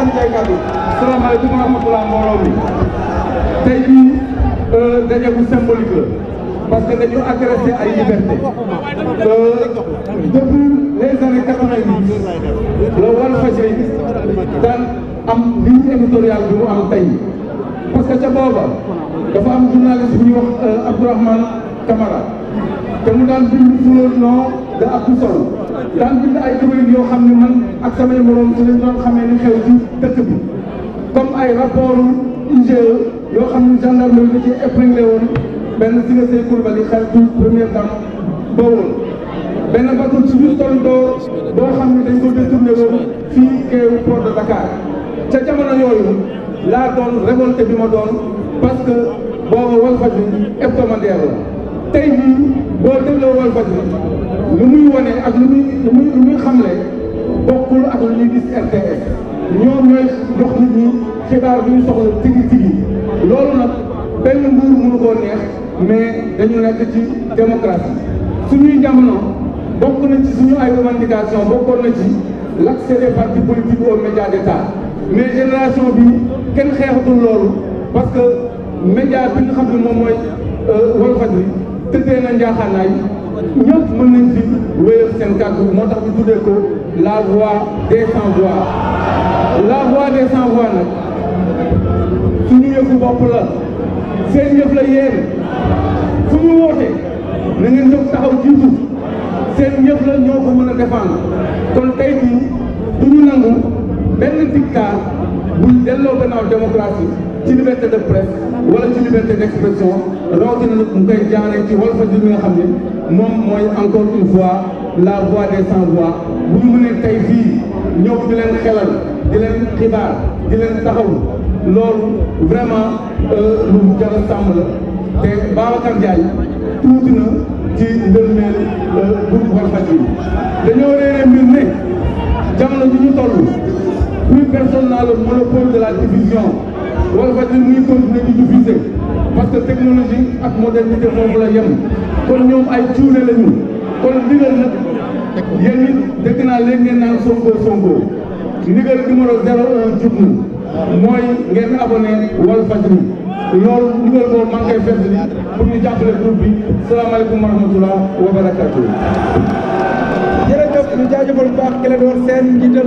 sànni ay kàddu. salaamaaleykum wa rahmatulah mbooloo mi tey jii euh, daje bu symbolique la parce que dañu agressé ay liberté euh, depuis les années quatre-vingt-dix la Walfadjri daan am ligne éditoriale bi mu am tey parce que ca booba dafa am journaliste bu ñuy wax euh, Abdourahmane Camara te mu daan bind sous le nom de Abdou Sow. daan bind ay kuréel yoo xam ne man ak samay moroom su leen doon xamee ni xew ci dëkk bi comme ay rapport IGE yoo xam ne gendarmerie da ci épinglé woon benn Siga Sey Coulibaly xaritu première dame boo woon benn bateau ci biir tool doo xam ne dañ ko détourné woon fii keewu port de Dakar ca jamono yooyu laa doon révolté bi ma doon parce que booba Walfadjri hebdomadaire la tey jii boo dégloo Walfadjri lu muy wane ak lu muy lu muy lu xamle bokkul ak lu ñuy gis RTS ñoom ñooy jox nit ñi xibaar bi ñu soxla tigi tigi loolu nag benn nguur mënu koo neex mais dañu nekk ci démocratie suñuy jamono bokk na ci suñu ay revendication bokkoon na ci l'accès des partis politiques aux médias d'État mais génération bi kenn xeexatul loolu parce que média bi xam ne moom mooy euh, Walfadjri tëddee na njaaxaanaay ñëpp mën nañ si wéyal seen kàddu moo tax ñu tuddee ko la voix des sans voix la voix des sans voix bopp la seen yëf la yéen fu ñu woote na ngeen jóg taxaw jiitu seen yëf la ñoo ko mën a défendre kon tey jii du ñu nangu benn dictat buy delloo gannaaw démocratie ci liberté de presse wala ci liberté d'expression rawatina nag mu koy jaaree ci Walfadjri mi nga xam ne moom mooy encore une fois la voix des sans voix bu ñu mënee tey fii ñëw di leen xelal di leen xibaar di leen taxaw loolu vraiment euh, lu mu jar a sàmm la te Babacar Ndiaye tuuti na ci ndërmeel euh, groupe Walfadjri dañoo réeree mbir ne jamono ji ñu toll plus personne n'a le monopole de la division Walfadjri muy continuer di diffuser parce que technologie ak modernité foofu la yem kon ñoom ay cuune la kon ndigal nag yéen it dégg naa léegi ngeen naan Sonko Sonko ndigal numéro 01 jub na mooy ngeen abonné Walfadjri loolu ndigal boobu maa ngi koy fedd li pour ñu jàppale wa rahmatulah wa barakatuh jërëjëf ñu jaajëfal bu baax Clédor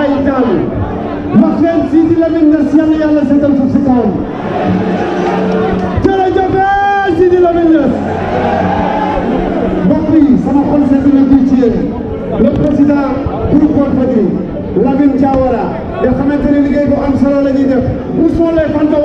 ay taal wax leen Sidi Lamine Niass yàlla yàlla seetal suuf si kawam jërëjëf Sidi Lamine Niass mbokk yi sama xol sedd na bii ci yéen le président groupe Walfadjri Lamine Diawara nga xamante ne liggéey bu am solo la ñuy def où sont les fans de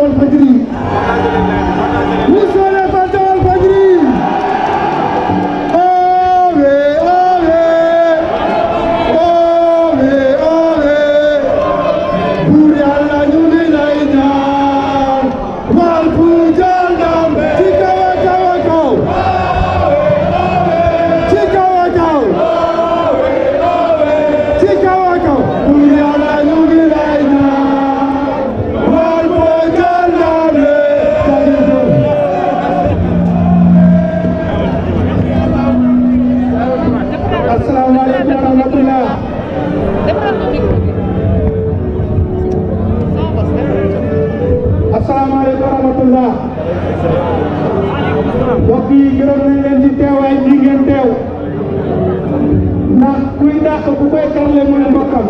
yàq bu koy karle mooy mbokkam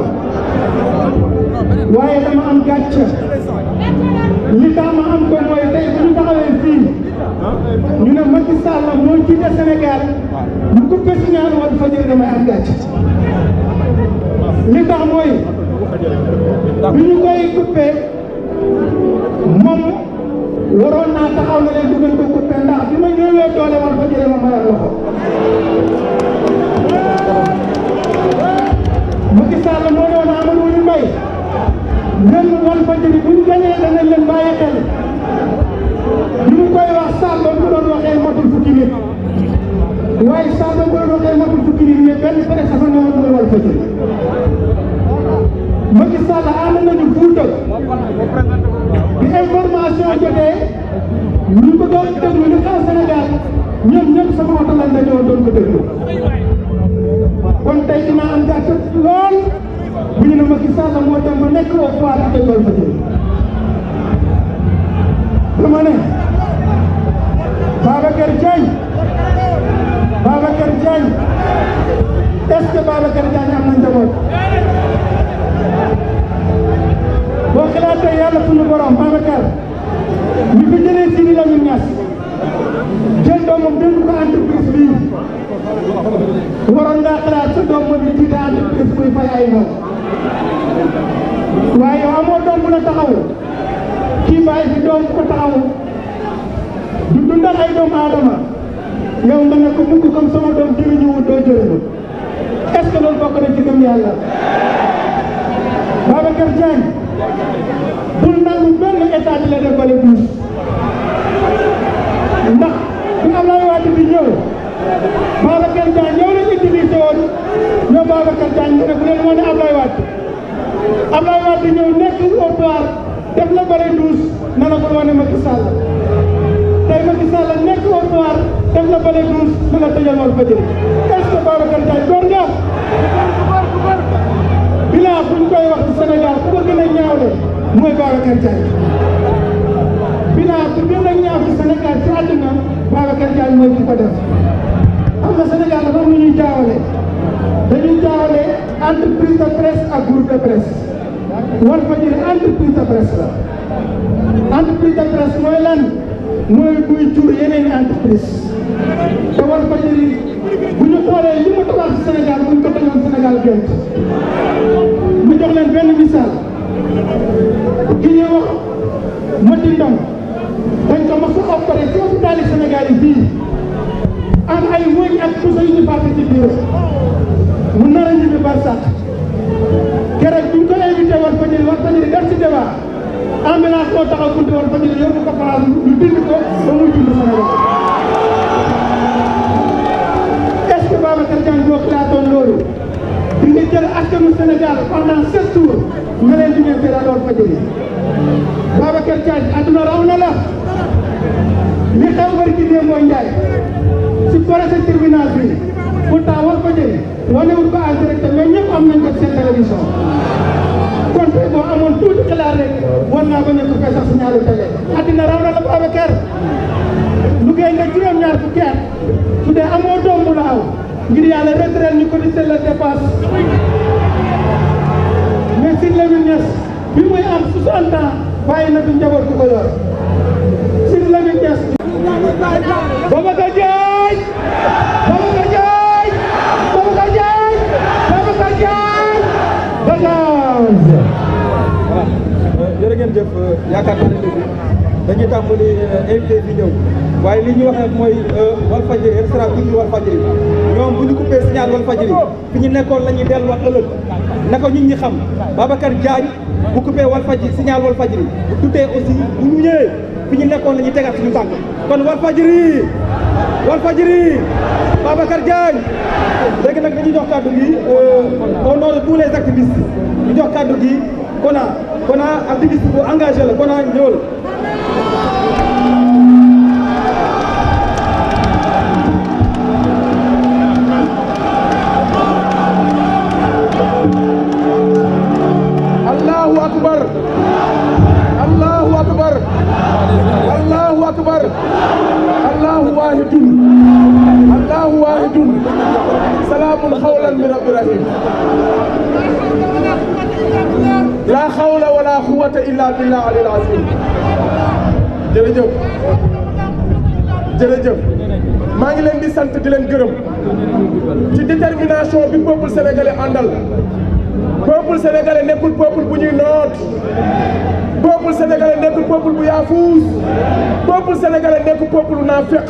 waaye dama am gàcce li a ma am ko mooy tey bu ñu taxawee fii ñu ne Macky Sall moo jiite Sénégal bu ko pésiñaan woon fa jël damay am gàcce li tax mooy bi ñu koy coupé moom waroon naa taxaw na leen du ngeen ko coupé ndax bi ma ñëwee doole war fa jëlee ma loxo Sall moo ne woon Amadou ñu may ñun Walfadjri bu ñu gañee danañ leen bàyyi xel koy wax Samba bu doon doon waxee matul fukki nit mais benn presse bi information jotee ñu ko doon déglu ñu ko Sénégal ñoom ñëpp sama oto lañ doon ko déglu yàlla moo tax ma nekk au pouvoir te dool ma jël dama ne Babacar Diagne Babacar Diagne est-ce que Babacar Diagne am na njaboot boo xalaatee yàlla sunu borom Babacar ñu fi jëlee Sidi Lamine Niass jël doomam dégg ko entreprise bii waroon ngaa xalaat sa doom bi jiite entreprise buy fay ay noonu waaye yow amoo doom bu la taxaw kii bàyyi fi doom ko taxaw du dundal ay doomu aadama yow nga ne ko mukk comme sama doom doo jëriñu est-ce que loolu bokk na ci gëm yàlla. Babacar Diagne bul nangu benn état di bale buus ndax bi Abdoulaye Wade bi ñëw Babacar Diagne yow la ñu utilisé woon ñoom Babacar Diagne mu ne bu leen wane Abdoulaye Wade. Abdoulaye Wade ñëw nekk au pouvoir def la bëri douze na la ko wane Macky Sall tey Macky Sall nekk au pouvoir def la bëri douze na la tëjal wal fajër est-ce que Babacar Ndiaye góor nga bilan koy wax ci Sénégal ku ko gën a ñaawle mooy Babacar Ndiaye bilan bu gën a ñaaw ci Sénégal ci àdduna Babacar Ndiaye mooy ki def am na Sénégal dafa am lu ñuy dañuy jaawale entreprise de presse ak groupe de presse war fa jël de presse la entreprise de presse mooy lan mooy buy jur yeneen entreprise te war fa jël bu ñu xoolee li mu tabax ci Sénégal bu ñu ko tegoon mu jox leen benn misaal ki ñuy wax Mati Ndong dañ ko mos a opéré ci hôpital Sénégal am ay wëñ ak puso yu ñu fàtte ci biir mu nar a ñibbi barsax keroog bu ñu ko invité woon war fa ñu def ci débat ambulance moo taxaw buntu woon fa ñu yóbbu ko fa ñu ko ba muy dund Sénégal est-ce que Babacar Diagne moo xalaatoon loolu di nga jël askanu Sénégal pendant sept jours nga leen di ñëw te daal fa jëlee Babacar Diagne adduna raw na la li xew bari ci démb mooy forese tribunal bi pourtant war ko jël wanewul ko en direct mais ñëpp am nañ ko seen télévision kon tey amoon tuuti xalaat rek war naa bañ a coupé sax signalu télé addina raw na la bu Ababacar liggéey nga juróom-ñaar fukki at su dee amoo doom bu laaw ngir yàlla retraite ñu ko di seen la dépense mais Sidy Lamine Niass bi muy am 60 ans bàyyi na fi njaboot ku ko yor Sidy Lamine Niass Baba Gandiaye jërë ngeen jëf euh, yaakaar naa ne léegi dañuy tàmbali euh, invité di ñëw waaye li ñuy wax nag mooy euh, Walfadjri extra bi ñu Walfadjri ñoom bu ñu coupé fi ñu nekkoon la delluwaat ëllëg naka ñun ñi xam Babacar Diagne bu coupé Walfadjri signal Walfadjri bu tuddee aussi bu ñu ñëwee. fi ñu nekkoon la ñuy tegaat suñu tànk kon Walfadjri Walfadjri Babacar kar léegi nag dañuy jox kàddu gi euh, au nom de tous les activistes ji jox kàddu gi Kona Kona activiste bu engagé la Kona واحد الله واحد سلام قولا من رب رحيم لا حول ولا قوة إلا بالله العلي العظيم jërëjëf jërëjëf maa ngi leen di sant di leen gërëm ci détermination bi peuple sénégalais àndal peuple sénégalais nekkul peuple bu ñuy noot peuple sénégalais nekkul peuple bu yaafuus peuple sénégalais nekkul peuple naa fekk